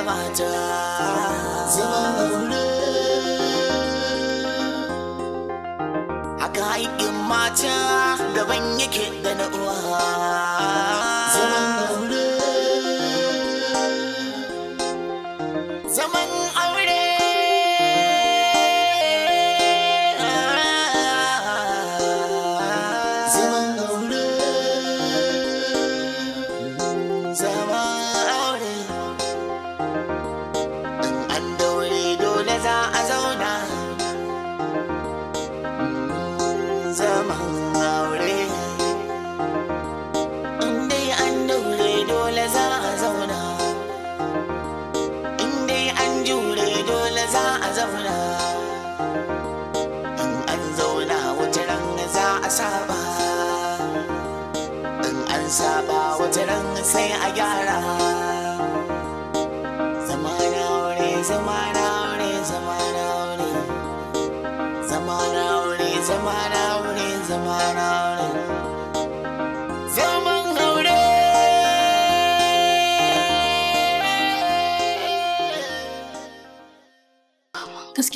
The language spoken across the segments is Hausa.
da mata zama aure haka haƙƙin mata daban yake da na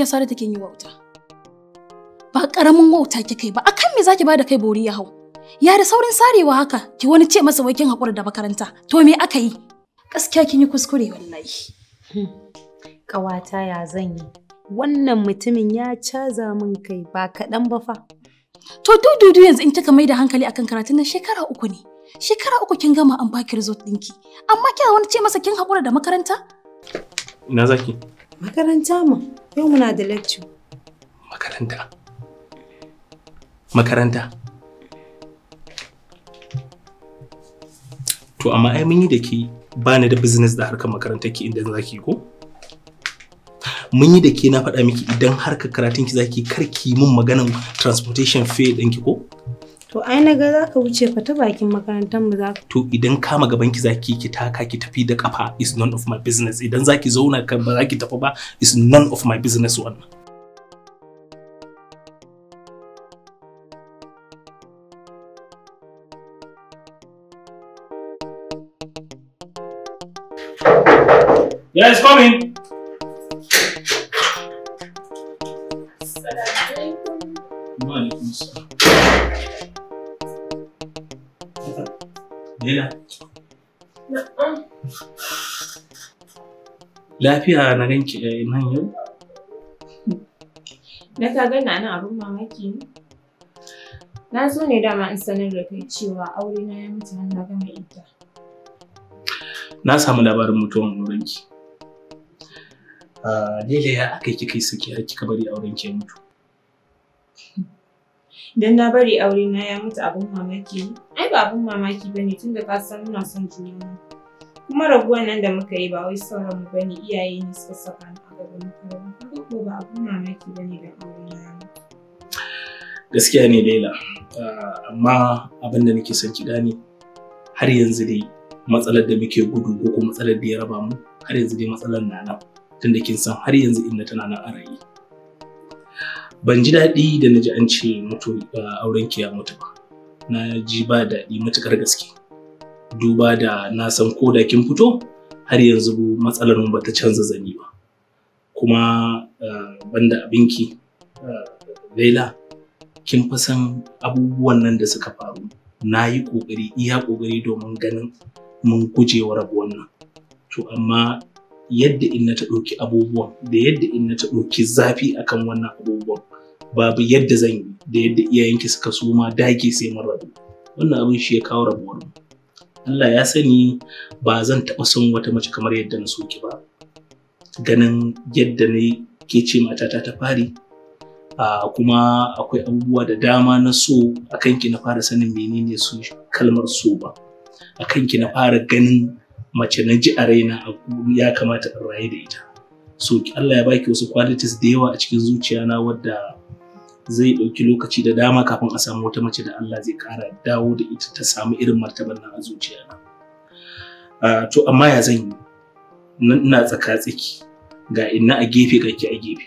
gaskiya sare take yi wauta. Ba ƙaramin wauta kike ba, akan me zaki bada kai bori ya hau? Ya da saurin sarewa haka, ki wani ce masa wai kin haƙura da makaranta. To me aka yi? Gaskiya kin yi kuskure wallahi. kawata hmm. ya zan yi. Wannan mutumin ya caza min kai ba kaɗan ba fa. To dududu yanzu in kika mai da hankali akan karatun nan shekara uku ne. Shekara uku kin gama an baki result ɗinki. Amma kina wani ce masa kin haƙura da makaranta? Ina zaki? Makaranta mu. Yau muna da lecture. Makaranta. Makaranta. To amma ai mun yi da ke ba ni da business da harkar makarantar ki inda za ki ko? Mun yi da ke na faɗa miki idan harkar karatun ki za ki karki mun maganan transportation fee ɗinki ko? To ai na ga zaka wuce fa ta bakin makarantar mu za To idan kama gaban ki zaki ki taka ki tafi da kafa is none of my business. Idan zaki zauna kan ba zaki tafi ba is none of my business wannan. Yeah, it's coming. Assalamu alaikum. Wa alaikum assalam. Lila. Lafiya na ganki da eh, nan yau? Na ta gana nan abin mamaki ne. Na zo ne dama in sanar da kai cewa aure na ya mutu har na gama ita. Na samu labarin mutuwan aurenki. Lila ah, ya aka yi kika har kika bari aurenki ya mutu. Idan na bari aure na ya mutu abin mamaki ne? Ai ba abin mamaki ba ne tunda ka san muna son juna. Kuma raguwan nan da muka yi ba wai sauran mu ba iyaye ne suka saka ni a gaban kowa. Haka ko ba abin mamaki ba ne da aure na Gaskiya ne Laila, ah, amma abin da nake son ki gane har yanzu dai matsalar da muke gudu ko kuma matsalar da ya raba mu har yanzu dai matsalar na nan tunda kin san har yanzu inda tana nan a raye. ban ji daɗi da na ji an ce mutu uh, auren ki ya mutu ba na ji ba daɗi matuƙar gaske duba da na san ko da kin fito har yanzu matsalar mu bata canza zani ba kuma uh, banda abinki uh, laila kin fa san abubuwan nan da suka faru na yi ƙoƙari iya ƙoƙari domin ganin mun guje wa rabuwan nan to amma yadda inna ta ɗauki abubuwan da yadda na ta ɗauki zafi akan wannan abubuwan babu yadda zan yi da yadda iyayenki suka suma dage sai mun rabu wannan abin shi ya kawo rabuwar mu Allah ya sani ba zan taɓa son wata mace kamar yadda na soki ba ganin yadda na ke ce mata ta ta fari kuma akwai abubuwa da dama na so a kanki na fara sanin menene su kalmar so ba a kanki na fara ganin mace na ji a raina ya kamata in rayu da ita so Allah ya baki wasu qualities da yawa a cikin zuciya na wadda zai ɗauki lokaci da dama kafin a samu wata mace da Allah zai kara dawo da ita ta samu irin martaban nan a zuciya na to amma ya zan yi ina tsaka tsaki ga inna a gefe ga ki a gefe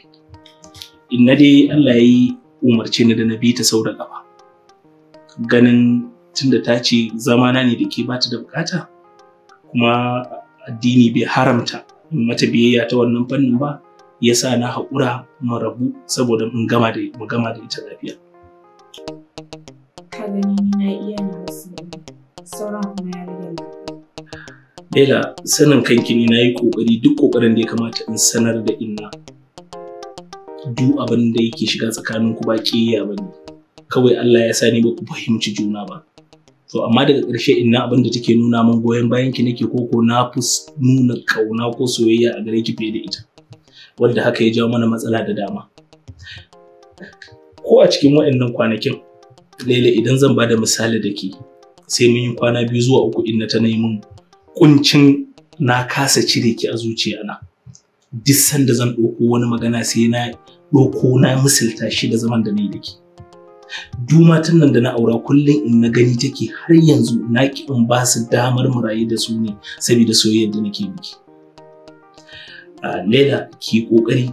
inna dai Allah ya yi umarce ni da na bi ta sau ganin tunda ta ce zamana ne da ke bata da bukata kuma addini bai haramta mata biyayya ta wannan fannin ba ya sa na haƙura mu rabu saboda mun gama da mu gama da ita lafiya ka gani na iya na wasu sauran kuma ya rage Laila sanin kanki ne na yi ƙoƙari duk ƙoƙarin da ya kamata in sanar da inna. Duk abin da yake shiga tsakaninku ku ba ƙiyya ba ne. Kawai Allah ya sani ba ku fahimci juna ba. to amma daga ƙarshe in abin da take nuna min goyon bayan ki nake ko ko na fi nuna kauna ko soyayya a gare ki fiye da ita wanda haka ya jawo mana matsala da dama ko a cikin waɗannan kwanakin lele idan zan bada misali da ke sai mun yi kwana biyu zuwa uku in na ta mun kuncin na kasa cire ki a zuciya na, duk sanda zan ɗauko wani magana sai na ɗauko na misalta shi da zaman da na yi da ke. duma tun nan da na aura kullum in na gani take har yanzu na ki in ba su damar mu rayu da su ne saboda soyayyar da nake miki ah, Laila ki kokari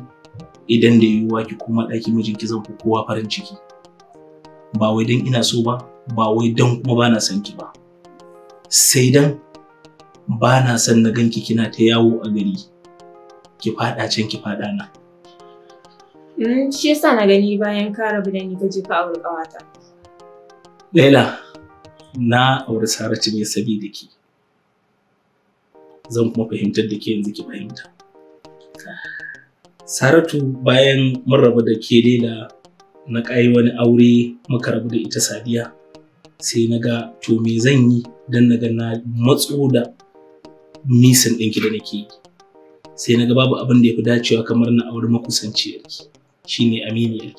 idan da yiwuwa ki kuma ɗaki mijinki zan fi kowa farin ciki ba wai don ina so ba ba wai don kuma ba na son ki ba sai dan ba na son na ganki kina ta yawo a gari ki faɗa can ki faɗa na. Mm, shi yasa na gani bayan ka rabu da ni kaje ka aure ƙawata. Laila, na aure Saratu ne saboda ke Zan kuma fahimtar da ke yanzu ki fahimta. Saratu bayan mun rabu da ke Laila na ƙai wani aure muka rabu da ita Sadiya. Sai na ga to me zan yi don na ga na matso da nisan ɗinki da nake yi. Sai na ga babu abin da ya fi dacewa kamar na aure makusanciyarki. shine yake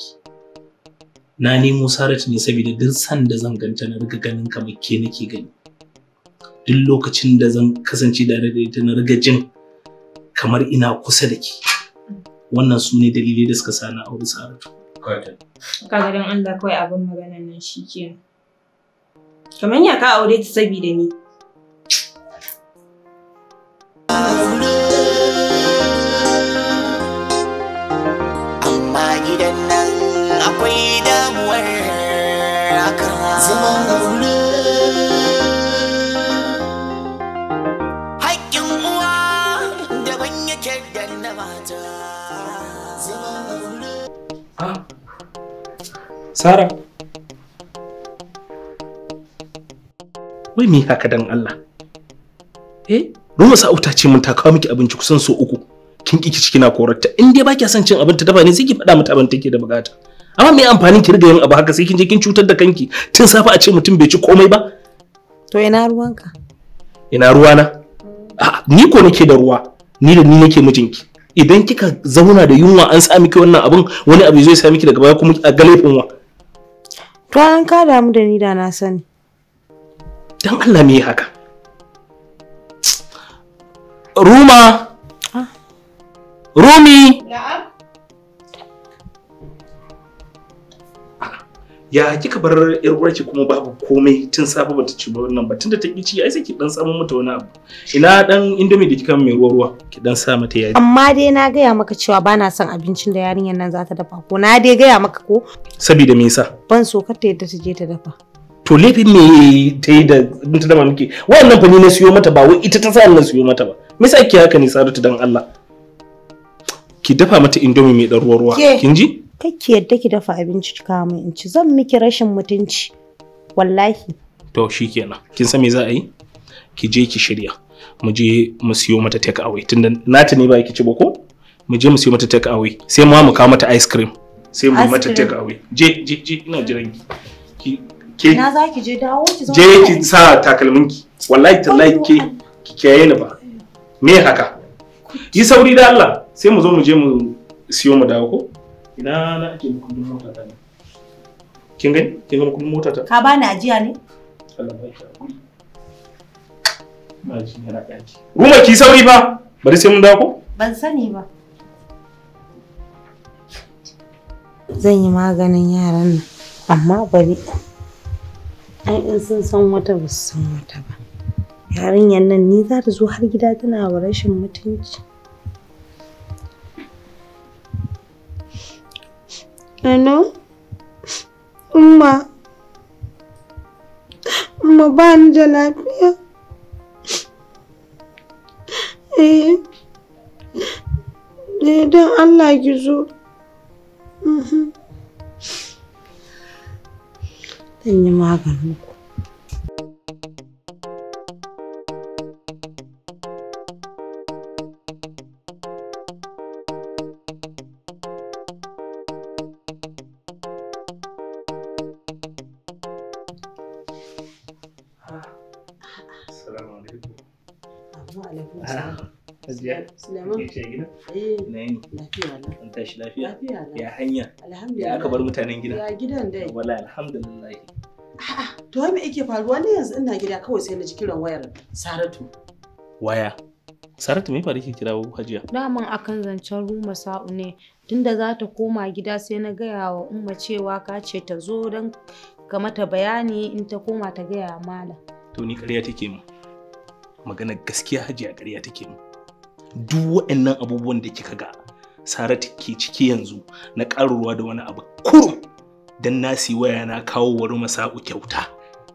na nemo Saratu ne saboda duk da zan ganta na riga ganin kamar ke nake gani duk lokacin da zan kasance da da ita na riga jin kamar ina kusa da ke wannan su ne dalilai da suka sa na auri Saratu kaga dan Allah kawai abin magana nan shikenan kamar ya ka aure ta saboda ni akwai damuwar haka haƙƙin uwa daban yake da mata ah. Sara Wai me haka dan Allah Eh Roma sa'uta ce mun ta kawo miki abinci kusan so uku kin ki ciki na korarta in dai ba kya son cin abin ta dafa ne sai ki faɗa mata abin take da bukata amma me amfanin ki riga yin abu haka sai kin je kin cutar da kanki tun safe a ce mutum bai ci komai ba to ina ruwanka ina ruwana ni ko nake da ruwa ni da ni nake mijinki idan kika zauna da yunwa an sa miki wannan abun wani abu zai sa miki daga baya kuma a galefin wa to an ka damu da ni da na sani dan Allah me haka ruma ah. rumi na'am ya kika bar yar ki kuma babu komai tun safe ta ci ba wannan ba da ta ki ci ai sai ki dan samu mata wani abu ina dan indomie da kika mai ruwa ruwa ki dan sa mata yaji amma dai na gaya maka cewa ba na son abincin da yarinyar nan za ta dafa ko na dai gaya maka ko saboda me yasa ban so kar ta yadda ta je ta dafa to laifin me ta yi da in ta dama miki wannan fa ni na siyo mata ba wai ita ta sa na siyo mata ba me yasa kike haka ne Saratu dan Allah ki dafa mata indomie mai dan ruwa ruwa kin ji ki yadda ki dafa abinci kamun in ci zan miki rashin mutunci wallahi to shikenan kin san me za a yi ki je ki shirya mu je mu siyo mata take away tunda nata ne ba ki ci ba ko mu je mu siyo mata take away sai mu mu kawo mata ice cream sai mu mata take away je je je ina jiran ki ke na za ki je dawo ki zo je ki sa takalmin ki wallahi tallahi ke ki kiyaye ni ba me haka yi sauri da Allah sai mu zo mu je mu siyo mu dawo ko ina na ake da kudin mota ta ne kin gani kin gani kudin mota ta ka bani ajiya ne Allah ya ka na ji yana kanki ruma ki sauri fa bari sai mun dawo ko ban sani ba zan yi maganin yaran nan amma bari ai in sun san wata ba su san wata ba yarinyar nan ni za ta zo har gida tana wa rashin mutunci Ano? Umma. Umma ba ni da lafiya. Eh. Eh don Allah ki zo. Zan mhm. yi maganin ku. Hajiya. Ah, eh, Suleiman. Eh, na yini? Lafiya na. tashi lafiya? Ya hanya? Ya aka bar mutanen gida? Ya gidan dai. Wala alhamdulillah. A'a, to me yake faruwa ne yanzu ina gida kawai sai na ji kiran wayar Saratu. Waya? Saratu me faru ke kirawo Hajiya? Daman akan zancen Ruma Sa'u ne. Tunda za ta koma gida sai na gaya wa Umma cewa ka ce ta zo don ka mata bayani in ta koma ta gaya mala. To ni ƙarya take mu. maganar gaskiya hajiya ƙarya take mu duk waɗannan abubuwan da kika ga saratu ke ciki yanzu na ƙarurwa da wani abu kurum dan nasi waya na kawo wani masa'u kyauta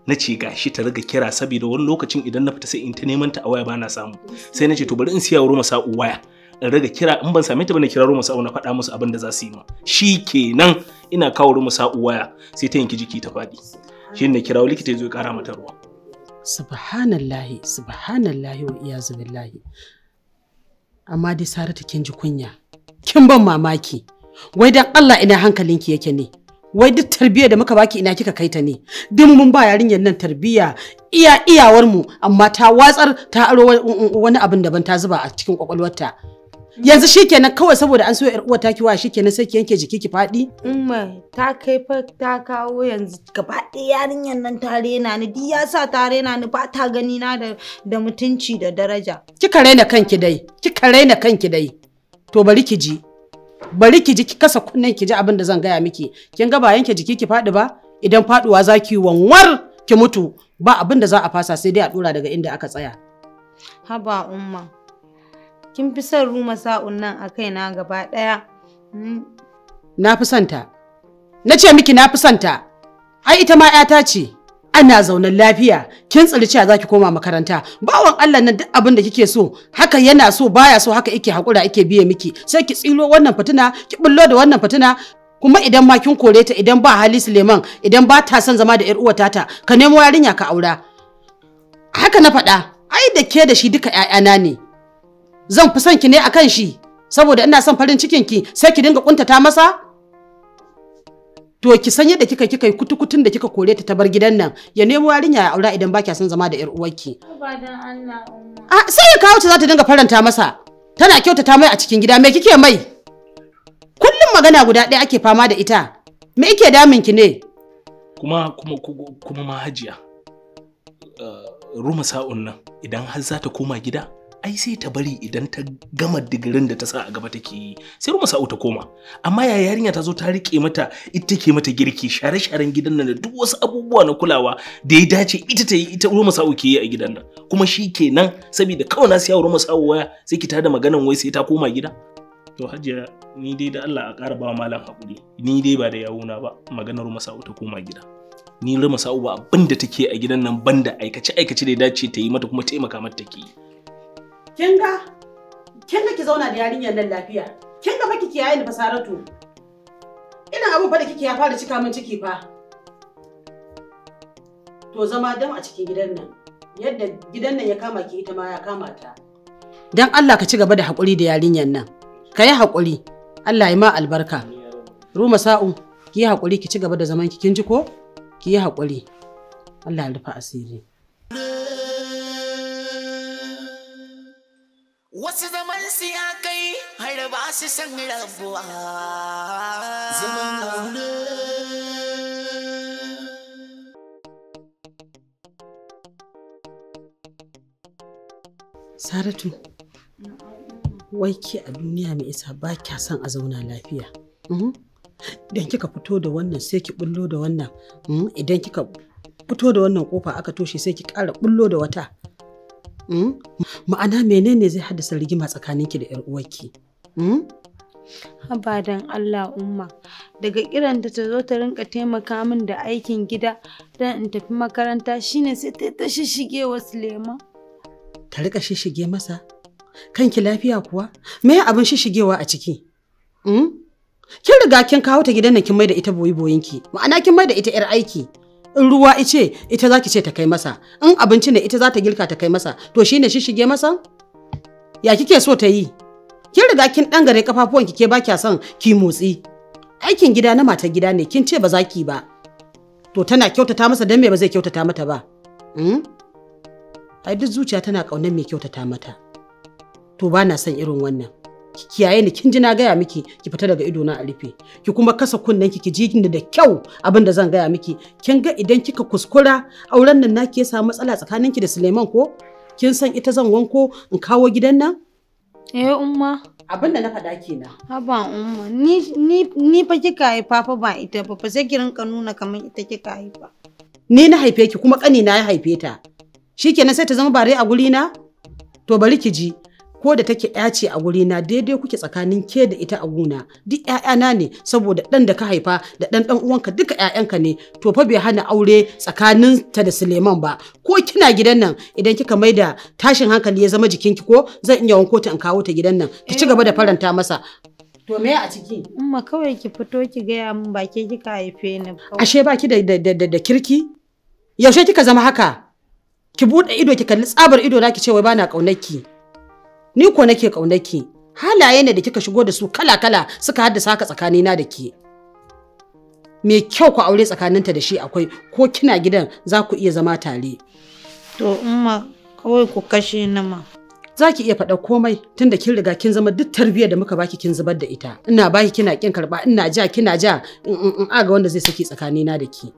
na ce gashi ta riga kira saboda wani lokacin idan na fita sai in ta neman ta a waya ba na samu sai na ce to bari in siya wari masa'u waya in riga kira in ban same ta na kira ruwa na faɗa musu abin da za su yi ma shi kenan ina kawo ruwa masa'u waya sai ta yanki jiki ta faɗi shi ne kirawo likita ya zo ya ƙara mata ruwa subhanallahi subhanallahi wa iyazu amma dai saratu kin ji kunya kin ban mamaki wai dan Allah ina hankalinki yake ne wai duk tarbiyya da muka baki ina kika kaita ne duk mun ba yarinyar nan tarbiyya iya iyawar mu amma ta watsar ta aro mm, mm, wani abin daban ta zuba a cikin kwakwalwarta yanzu shikenan kawai saboda an so yar uwa ta kiwa shikenan sai ki yanke jiki ki fadi umma ta kai fa ta kawo yanzu gaba ɗaya yarinyar nan ta rena ni duk ya ta rena ni ba ta gani na da da mutunci da daraja kika raina kanki dai kika raina kanki dai to bari ki ji bari ki ji ki kasa kunnen ki ji abin da zan gaya miki kin ga ba yanke jiki ki fadi ba idan faduwa za ki wanwar ki mutu ba abin da za a fasa sai dai a dora daga inda aka tsaya haba umma kin fi son ruma sa'un nan a kaina gaba ɗaya. Hmm. Na fi son Na ce miki na fi son Ai ita ma 'yata ce. Ana zaunan lafiya, kin tsiri cewa za ki koma makaranta. Bawan Allah na duk abin da kike so, haka yana so baya so haka ike hakura ike biye miki. Sai ki tsilo wannan fitina, ki bullo da wannan fitina, kuma idan ma kin kore ta idan ba hali Suleiman idan ba ta son zama da yar uwa tata ka nemo yarinya ka aura haka na faɗa ai da ke da shi duka 'ya'yana ne zan fi son ki ne akan shi saboda ina son farin cikin ki sai ki dinga kuntata masa to ki san yadda kika kika kutukutun da kika kore ta bar gidan nan ya nemo yarinya ya aura idan baki son zama da yar uwarki a ah, sai ya kawo ta za ta dinga faranta masa tana kyautata mai a cikin gida me kike mai kullum magana guda ɗaya ake fama da ita me yake damin ki ne kuma kuma kuma ma hajiya eh, ruma sa'un nan idan har za ta koma gida ai sai ta bari idan ta gama digirin da ta sa a gaba take yi sai rumu sa'u ta koma amma ya yarinya ta zo ta rike mata ita take mata girki share-sharen gidan nan da duk wasu abubuwa na kulawa da ya dace ita ta yi ita rumu sa'u ke yi a gidan nan kuma shi kenan saboda kawai na siya rumu sa'u waya sai ki tada maganan wai sai ta koma gida to hajiya ni dai da Allah a ƙara ba malam haƙuri ni dai ba da yawuna ba maganar rumu sa'u ta koma gida ni rumu sa'u ba abin da take a gidan nan banda aikace-aikace da ya dace ta yi mata kuma taimaka mata take yi kin ga kin ga ki zauna da yarinyar nan lafiya kin ga baki kiyaye ni fasaratu ina abu fa da kike ya fara cika min ciki fa to zama dam a cikin gidan nan yadda gidan nan ya kama ki ita ma ya kama ta dan Allah ka ci gaba da hakuri da yarinyar nan ka yi hakuri Allah ya ma albarka ruma sa'u ki yi hakuri ki ci gaba da zaman ki kin ji ko ki yi hakuri Allah ya rufa asiri Wasu zaman siya kai har ba su san rabuwa. Saratu, wai ke a duniya mai isa ba kya son a zauna lafiya. Mm-hmm. Idan kika fito da wannan sai ki bullo da wannan, mm-hmm. idan kika fito da wannan kofa aka toshe sai ki ƙara bullo da wata. Hmm? Ma'ana menene zai haddasa rigima tsakaninki da 'yar uwarki? Hmm? Abadan Allah umma daga kiran da ta zo ta rinka taimaka min da aikin gida don in tafi makaranta shine sai ta ta shishige wa Suleiman. Ta rika shishige masa? Kanki lafiya kuwa? Me abin shishigewa a ciki? Hmm? Kin riga kin kawo ta gidan nan kin mai da ita boyi boyinki. Ma'ana kin mai da ita 'yar aiki. in ruwa ice ita za ki ce ta kai masa in abinci ne ita za ta girka ta kai masa to shine shi shige masa ya kike so ta yi kin riga kin dan gare kafafuwan ki ke ba kya son ki motsi aikin gida na mata gida ne kin ce ba za ki ba to tana kyautata masa dan me ba zai kyautata mata ba hmm? ai duk zuciya tana kaunar me kyautata mata to ba na son irin wannan ki kiyaye ni kin ji na gaya miki ki fita daga ido na a rufe ki kuma kasa kunnen ki ki ji da kyau abin da zan gaya miki kin ga idan kika kuskura auren nan naki ya samu matsala tsakanin ki da Suleiman ko kin san ita zan wanko in kawo gidan nan eh umma abin da na faɗa kenan haba umma ni ni ni fa kika haifa fa ba ita ba fa sai ki rinka nuna kamar ita kika haifa ni na haife ki kuma kani na ya haife ta shikenan sai ta zama bare a guri na to bari ki ji ko da take ya ce a na daidai kuke tsakanin ke da ita a guna duk ƴaƴana ne saboda ɗan da ka haifa da ɗan ɗan uwanka duka ƴaƴanka ne to fa bai hana aure tsakanin ta da Suleiman ba ko kina gidan nan idan kika mai da tashin hankali ya zama jikin ki ko zan iya wanko ta in kawo ta gidan nan ki ci gaba da eh. faranta masa To me a ciki? Umma kawai ki fito ki gaya min ba ke kika haife ni Ashe ba ki da, da, kirki? Yaushe kika zama haka? Ki buɗe ido ki kalli tsabar ido na ki ce wai bana ƙaunar ki. ni ko nake kaunaki halaye ne da kika shigo da su kala-kala suka haddasa haka tsakanina da ke me kyau ku aure tsakaninta da shi akwai ko kina gidan za ku iya zama tare to umma kawai ku kashe ni ma za ki iya faɗa komai tunda kin riga kin zama duk tarbiyyar da muka baki kin zubar da ita ina baki kina kin karba ina ja kina ja in a ga wanda zai saki tsakanina da ki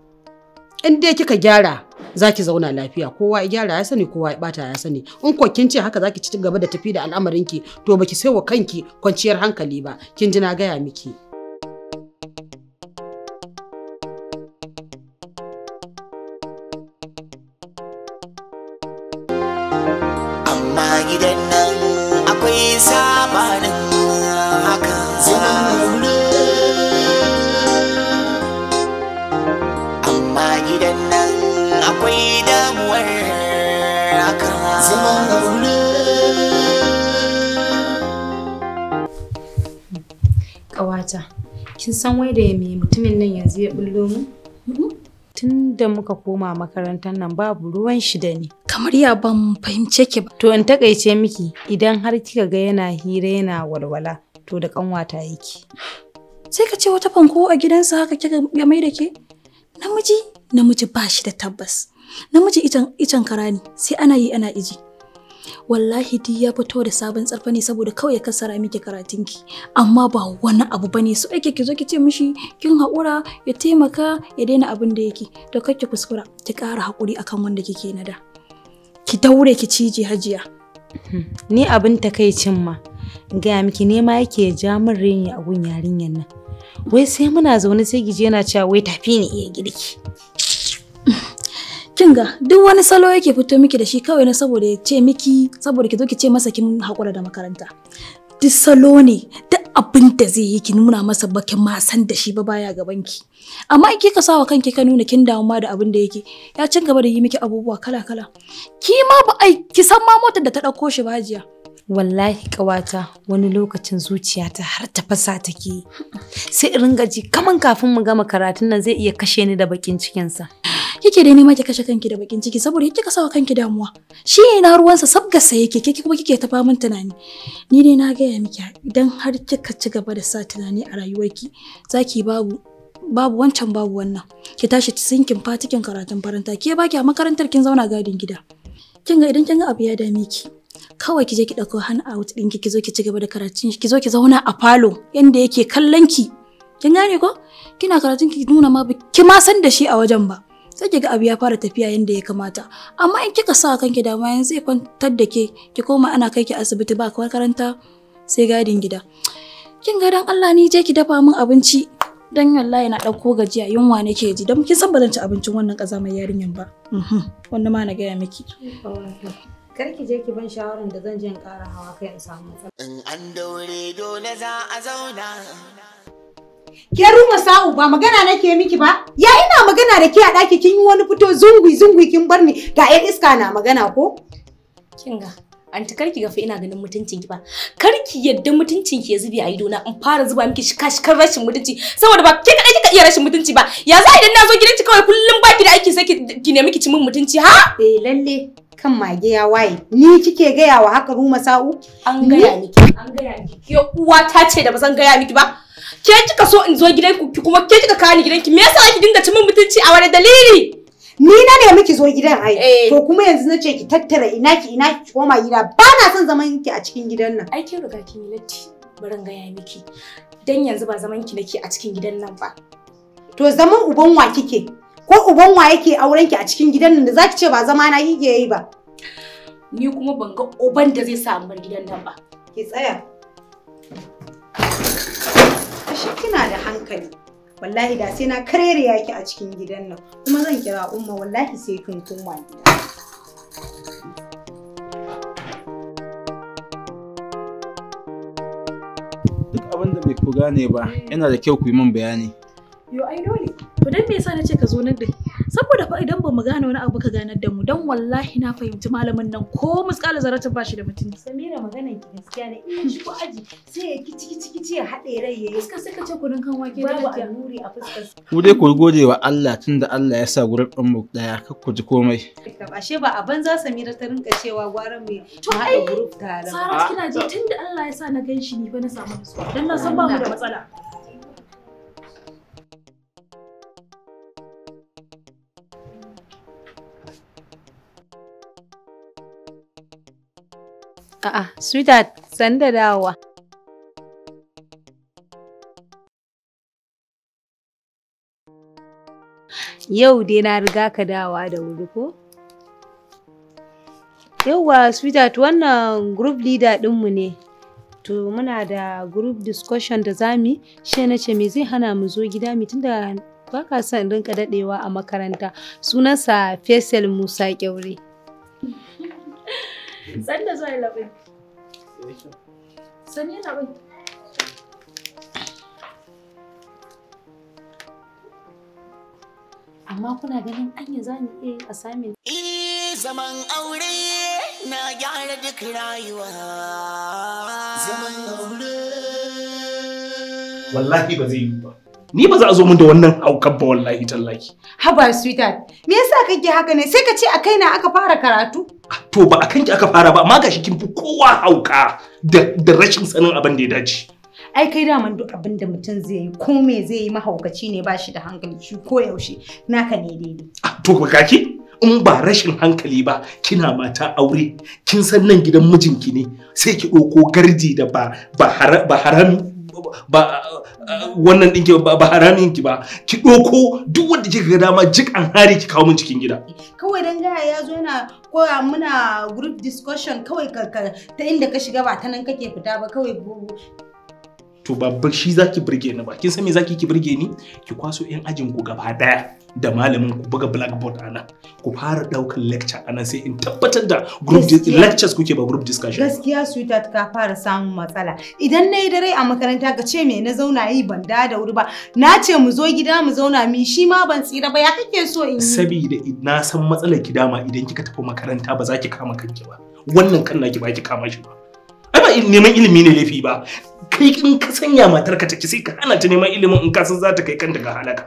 in dai kika gyara zaki zauna lafiya kowa ya gyara ya sani kowa ya bata ya sani in ko kin ce haka zaki ki ci gaba da tafi da alamarin ki to baki sai wa kanki kwanciyar hankali ba kin ji na gaya miki kin san wai da me mutumin nan yanzu ya bullo mu? Hmm? Tun da muka koma makarantar nan babu ruwan shi da ni. Kamar ya ban fahimce ki ba. To in takaice miki idan har kika ga yana hira yana walwala to da kanwata yake. Sai ka ce wata fanko a gidansa haka kika ya mai da ke? Namiji namiji ba shi da tabbas. Namiji icen kara ne sai ana yi ana iji. wallahi duk ya fito da sabon tsarfa ne saboda kawai ya kasara miki karatun ki amma ba wani abu ba ne su ake ki zo ki ce mishi kin haƙura ya taimaka ya daina abin da yake to kar ki kuskura ki kara haƙuri akan wanda kike na da ki daure ki cije hajiya ni abin takaicin ma gaya miki nema yake ja min reni a gun yarinyar nan wai sai muna zaune sai gije yana cewa wai tafi ni iya girki kin ga duk wani salo yake fito miki da shi kawai na saboda ya ce miki saboda ki zo ki ce masa kin haƙura da makaranta duk salo ne duk abin da zai yi ki nuna masa ba ki ma san da shi ba baya gaban ki amma in kika sawa kanki ka nuna kin damu ma da abin da yake ya cin gaba da yi miki abubuwa kala kala ki ma ba ai ki san ma motar da ta ɗauko shi ba jiya wallahi kawata wani lokacin zuciyata har ta fasa take sai in ringa kaman kafin mu gama karatun nan zai iya kashe ni da bakin cikinsa. sa kike da nema ki kashe kanki da bakin ciki saboda kika sawa kanki damuwa shi ne na ruwansa sabgarsa yake ke kuma kike ta famin tunani ni dai na gaya miki idan har kika ci gaba da sa tunani a rayuwarki zaki babu babu wancan babu wannan ki tashi sinkin fatikin karatun faranta ke baki a makarantar kin zauna gadin gida kin ga idan kin ga abu ya dame ki kawai ki je ki dauko hand out ɗinki ki zo ki ci gaba da karatun ki zo ki zauna a falo yanda yake kallon ki kin gane ko kina karatun ki nuna ma ki ma san da shi a wajen ba sai kiga abu ya fara tafiya yadda ya kamata amma in kika sa kanki dama yanzu zai kwantar da ke ki koma ana kai ki asibiti ba kawar karanta sai gadin gida kin ga dan Allah ni je ki dafa min abinci dan wallahi na dauko gajiya yunwa nake ji dan kin san ba zan ci abincin wannan kaza mai yarinyan ba mhm. wanda ma na gaya miki kar ki je ki ban shawaran da zan je in kara hawa kai in samu in an daure dole za a zauna ke ruma sa'u ba magana nake miki ba ya ina magana da ke a ɗaki kin yi wani fito zungui zungui kin bar ni ga ƴan iska na magana ko? Kin ga anti karki gafe ina ganin mutuncin ki ba karki yadda mutuncin ki ya zube a idona in fara zuba miki kashi kan rashin mutunci saboda ba ke kadai kika iya rashin mutunci ba ya za idan na zo gidanki kawai kullum baki da aiki sai ki nemi ki ci min mutunci ha? Eh lalle kan mage ya waye ni kike gaya wa haka ruma sa'u an gaya miki an gaya miki ke uwa ta ce da ba zan gaya miki ba ke kika so in zo gidanku ki kuma ke kika kawo ni gidanki me yasa ki dinga min mutunci a wani dalili ni na ne miki zo gidan ai eh. to kuma yanzu nace ki tattara ina ki ina ki koma gida ba na son zaman ki a cikin gidan nan ai ke riga kin latti barin gaya miki dan yanzu ba zaman ki nake a cikin gidan nan ba to zaman uban wa kike ko uban wa yake auren ki a cikin gidan nan da zaki ce ba zama na yi yi ba ni kuma ban ga uban da zai samu bar gidan nan ba ki tsaya ashe kina da hankali wallahi da sai na karere yaki a cikin gidan nan kuma zan kira umma wallahi sai kin kuma duk abin da bai ku gane ba yana da kyau ku yi min bayani to dan me yasa nace ka zo nan din saboda fa idan bamu gane wani abu ka ganar da mu dan wallahi na fahimci malamin nan ko muskala zaratin bashi da mutunci Samira maganar ki gaskiya ne in shi ko aji sai ya kici kici kici ya hade rai ya iska sai ka ce kunun kan wake da babu aluri a fuskar ku dai ku gode wa Allah tunda Allah ya sa gurin din mu daya kar ku ji komai ashe ba a banza Samira ta rinka cewa gwara mai to ai Sarah kina ji tunda Allah ya sa na ganshi ni ba na samu nasu dan na san ba mu da matsala A'a, sweetheart, san da dawowa. Yau dai na riga ka dawa da wuri ko? Yauwa, sweetheart, wannan group leader ɗinmu ne. To muna da group discussion da zami, shi na ce me zai hana mu zo gida mu tunda ba son rinka daɗewa a makaranta. Sunansa Faisal Musa Kyaure. San da zuwa labai. Sani labai. Amma kuna ganin anya za mu iya yin assignment? Eh zaman aure na gyara duk rayuwa. Zaman aure. Wallahi ba zai yi ba. ni ba za a zo min da wannan haukar ba wallahi tallahi haba sweetheart me yasa kake haka ne sai ka ce a kaina aka fara karatu ah, to ba a kanki aka fara ba amma gashi kin fi kowa hauka da rashin sanin abin da ya dace ai kai man duk abin da mutum zai yi ko me zai yi mahaukaci ne ba shi da hankali shi ko yaushe naka ne daidai ah, to ba kaki in ba rashin hankali ba kina mata aure kin san nan gidan mijinki ne sai ki ɗauko garji da ba ba haram ba wannan ɗin ba haramin ki ba ki ɗauko duk wanda kika ga dama jik an hari ki kawo min cikin gida kawai dan gaya ya zo yana koya muna group discussion kawai ka ta inda ka shiga ba ta nan kake fita ba kawai to babba shi zaki burge ni ba kin san me zaki ki burge ni ki kwaso yan ajin ku gaba daya da malamin ku buga blackboard ana ku fara daukan lecture ana sai in tabbatar da group lectures kuke ba group discussion gaskiya sweetheart ka fara samun matsala idan nayi dare a makaranta ka ce me na zauna yi ban da da wuri ba na ce mu zo gida mu zauna mi shi ma ban tsira ba ya kake so in yi. saboda na san matsalar ki dama idan kika tafi makaranta ba za ki kama kanki ba wannan kan naki ba ki kama shi ba ai ba neman ilimi ne laifi ba kai kin ka sanya matarka ta ki sai ka hana ta neman ilimin in ka san za ta kai kanta ga halaka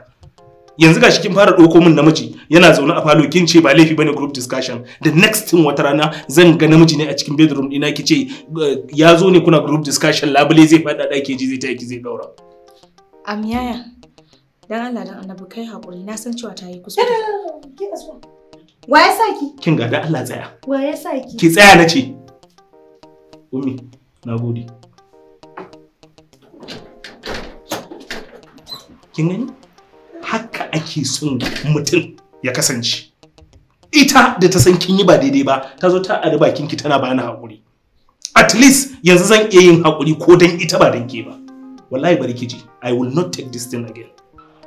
yanzu gashi kin fara ɗauko min namiji yana zaune a falo kin ce ba laifi bane group discussion the next thing wata rana zan ga namiji ne a cikin bedroom ina ki ce eh, ya zo ne kuna group discussion labule zai faɗa ɗaki ji zai ta ki zai ɗaura. am yaya dan Allah dan annabi kai hakuri na san cewa ta yi kuskure. wa ya sa ki? kin ga da Allah tsaya. wa ya sa ki? ki tsaya na ce. Umi na gode. kin haka ake son mutum ya kasance ita da ta san kin yi ba daidai ba ta zo ta ari bakin ki tana bani hakuri at least yanzu zan iya yin hakuri ko dan ita ba dan ke ba wallahi bari kiji i will not take this thing again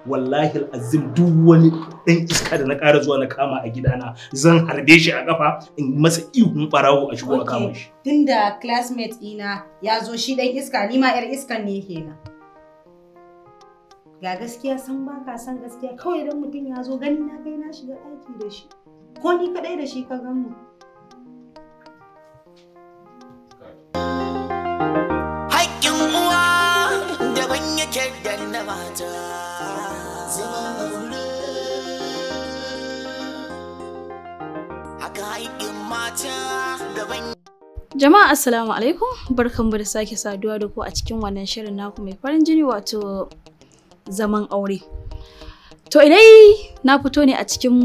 wallahi azim duk wani dan iska da na ƙara zuwa na kama a gidana zan harbe shi a kafa in masa ihun barawo a shigo a kama shi tunda classmate ina ya zo shi dan iska ni ma yar iskan ne kenan ga gaskiya san ba ka san gaskiya kawai idan mutum ya zo gani na kai na shiga ɗaki da shi ko ni kaɗai da shi ka gan mu. Jama'a Assalamu alaikum barkanmu da sake saduwa da ku a cikin wannan shirin naku mai farin jini wato zaman aure. To idai na fito ne a cikin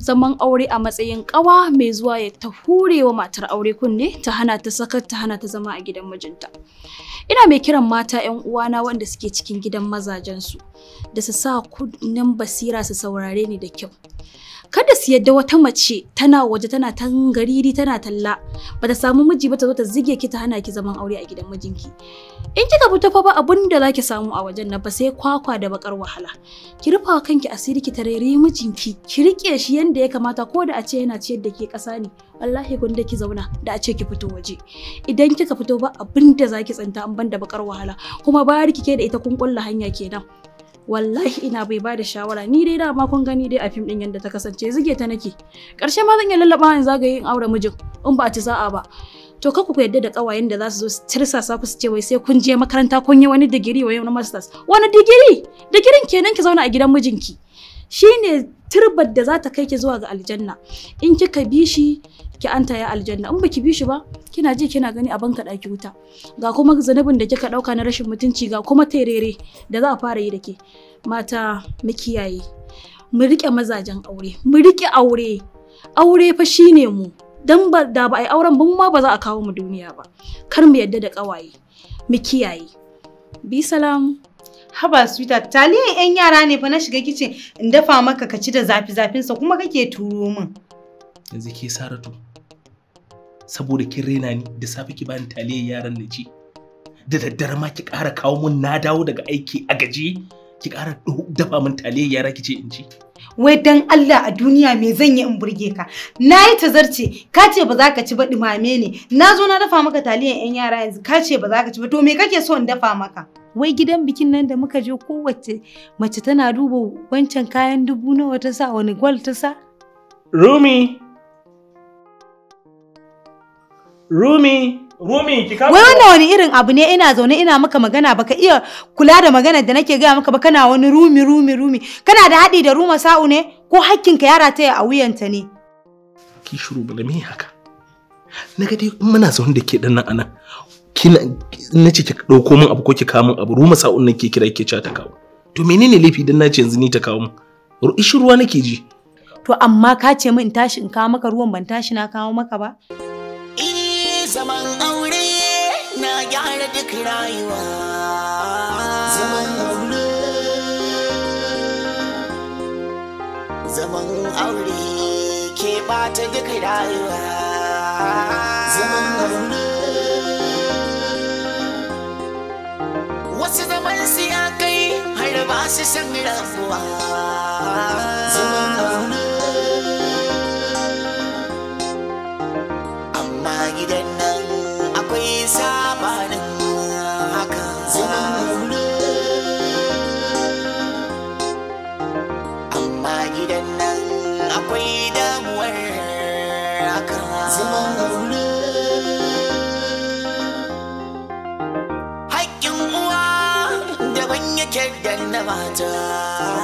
zaman aure a matsayin kawa mai zuwa ya ta wa matar aure kunne ta hana ta sakar ta hana ta zama a gidan mijinta. Ina mai kiran mata 'yan uwana wanda suke cikin gidan mazajen su da su sa kunnen basira su saurare ni da kyau. kada su yadda wata mace tana waje tana tangariri tana talla ba ta samu miji ba ta zo ta zige ki ta hana ki zaman aure a gidan mijinki in kika fito fa ba abin da zaki samu a wajen nan ba sai kwakwa da bakar wahala ki rufa kanki asiri ki tarere mijinki ki rike shi yanda ya kamata ko da a ce yana ciyar da ke kasa ne wallahi gunda ki zauna da a ce ki fito waje idan kika fito ba abin da zaki tsinta an banda bakar wahala kuma bayar ke da ita kun kulla hanya kenan wallahi ina bai ba da shawara ni dai da ma kun gani dai a fim din yanda ta kasance zuge ta nake karshe ma zan iya lallaba in zagaye in aure mijin in ba ci za'a ba to ka ku yadda da kawayen da za su zo su sa ku su ce wai sai kun je makaranta kun yi wani digiri wai wani masters wani digiri digirin kenan ki zauna a gidan mijinki shine turbar da za ta kai ki zuwa ga aljanna in kika bi shi ki anta ya aljanna in baki bi shi ba kina ji kina gani a banka daki wuta ga kuma zanubin da kika ɗauka na rashin mutunci ga kuma terere da za a fara yi da ke mata mu kiyaye mu rike mazajen aure mu rike aure aure fa shine mu dan ba da ba ai auren ba mu ma ba za a kawo mu duniya ba kar mu yadda da ƙawaye. mu kiyaye bi salam Haba sweetheart, taliyan 'yan yara ne fa na shiga kicin in dafa maka ka ci da zafi sa kuma kake turo min. Yanzu ke Saratu, saboda kin raina ni da safe ki bani taliyan yaran na ci. Da daddare ma ki ƙara kawo min na dawo daga aiki a gaji ki ƙara dafa min taliyan yara ki ce in ci. Wai dan Allah a duniya me zan yi in burge ka? Na yi tazarce, ka ce ba za ka ci ba ɗumame ne. Na zo na dafa maka taliyan 'yan yara yanzu, ka ce ba za ka ci ba, to me kake so in dafa maka? wai gidan bikin nan da muka je kowace mace tana duba wancan kayan dubu nawa ta sa wani gwal ta sa? Rumi! Rumi! Rumi ki kama Wai wannan wani irin abu ne ina zaune ina maka magana baka iya kula da magana da nake gaya maka ba kana wani rumi rumi rumi kana da haɗi da ruma sa'u ne ko hakkinka yara ta a wuyanta ne. Ki shuru bala me haka? Na ga dai muna zaune da ke ɗan nan anan kina na ce ki ɗauko min abu ko ki kawo min abu ruma sa'un nan ke kira ke cewa ta kawo to menene laifi dan na ce yanzu ni ta kawo min ishi ruwa nake ji to amma ka ce min in tashi in kawo maka ruwan ban tashi na kawo maka ba eh zaman aure na gyara duk rayuwa zaman aure zaman aure ke bata duk rayuwa zaman aure wasu zaman su ya kai har ba su san rabuwa amma gidan nan akwai sabanin haka amma gidan nan akwai da gabata